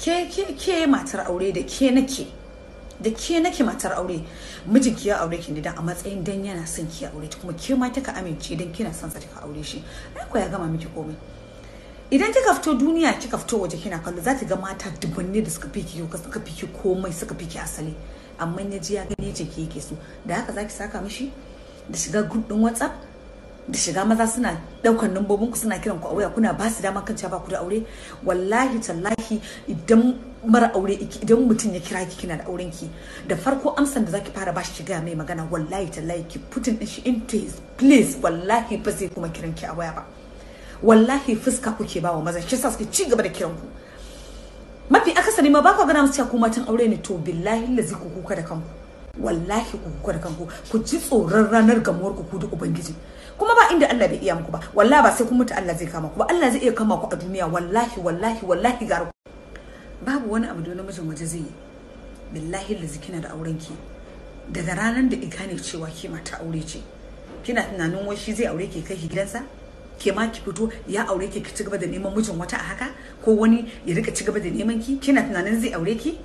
ke ke ke matar aure da ke nake da ke nake matar aure mijinki ya aure ki ne dan a matsayin dan yana son ki aure kuma ke ma kika amince dan kina son sa kika aure shi ai ko ya gama miki komai idan kika fito duniya kika fito waje kina kallo za ki ga mata dubanni da suka fi ki suka fi ki komai suka fi ki asali amma ya ji ya gani ce ki yake so da haka za ki saka mishi da shiga group din WhatsApp da shiga maza suna daukan nambobinku suna kiran ku a waya kuna ba su dama kanta ba ku da aure wallahi tallahi idan mara aure idan mutum ya kira ki kina da auren ki da farko amsan da zaki fara bashi shiga mai magana wallahi tallahi ki putin din shi into his place wallahi ba zai kuma kiran ki a waya ba wallahi fuska kuke ba wa maza shi sa suke ci gaba da kiran ku mafi akasari ma ba ku gana musu cewa ku matan aure ne to billahi lazi ku kuka da kanku wallahi ku kuka da kanku ku ji tsoron ranar gamuwar ku da ubangiji kuma ba inda Allah bai iya muku ba wallahi ba sai kuma mutu Allah zai kama ku ba Allah zai iya kama ku a duniya wallahi wallahi wallahi ku. babu wani abu da namijin waje zai yi billahi da kina da auren ki daga ranar da igane cewa ki mata aure ce kina tunanin wai shi zai aure ki kai gidansa ke ma ki fito ya aure ki ki ci gaba da neman mijin wata a haka ko wani ya rika ci gaba da neman ki kina tunanin zai aure ki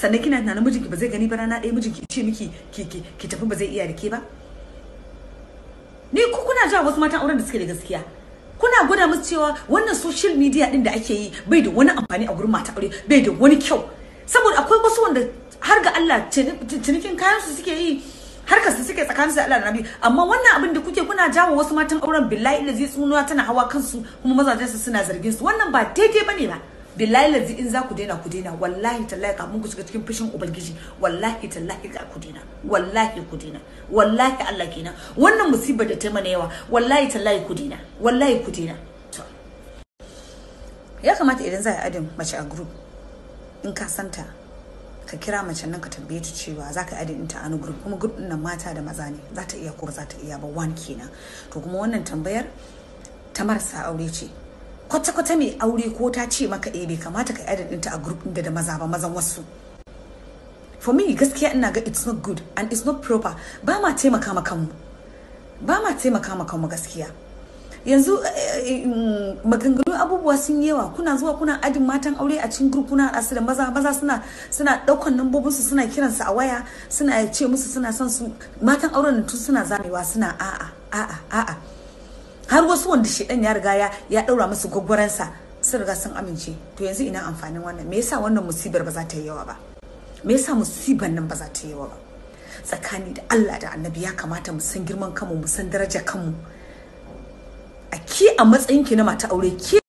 sannan kina tunanin mijinki ba zai gani ba rana ɗaya mijinki ce miki ki tafi ba zai iya rike ba ni ku kuna jawo wasu matan auren da suke da gaskiya kuna gwada musu cewa wannan social media din da ake yi bai da wani amfani a gurin mata aure bai da wani kyau saboda akwai wasu wanda har ga Allah cinikin kayan su suke yi harkar su suke tsakanin su Allah da Nabi amma wannan abin da kuke kuna jawo wasu matan auren billahi da zai tsunuwa tana hawa kansu kuma mazajen su suna zargin su wannan ba daidai bane ba billahi lazi in za ku daina ku daina wallahi tallahi ka mun shiga cikin fushin ubangiji wallahi tallahi ka ku daina wallahi ku daina wallahi Allah kina wannan musibar da ta mana yawa wallahi tallahi ku daina wallahi ku daina ya kamata idan za a adin mace a group in ka santa ka kira mace nan ka tambaye ta cewa za ka adin ta anu group kuma group nan mata da maza ne za ta iya ko ba za ta iya ba one kenan to kuma wannan tambayar ta marasa aure ce kwata-kwata mai aure ko ta ce maka eh bai kamata ka yi ɗinta a group da da maza ba mazan wasu for me gaskiya ina ga it's not good and it's not proper ba ma taimaka ma kanmu ba ma taimaka ma kanmu gaskiya yanzu eh, eh, eh, mm, maganganu abubuwa sun yawa kuna zuwa kuna adin matan aure a cikin group kuna asu da maza maza suna suna daukan lambobin su suna kiran su a waya suna ce musu suna son su matan auren tun suna zamewa suna a'a a'a a'a har wasu wanda shedan ya riga ya ya daura musu sa sun riga sun amince to yanzu ina amfanin wannan me yasa wannan musibar ba za ta yi yawa ba me yasa musibar nan ba za ta yi yawa ba tsakani da Allah da Annabi ya kamata mu san girman kanmu mu san darajar kanmu a ke a matsayinki na mata aure ke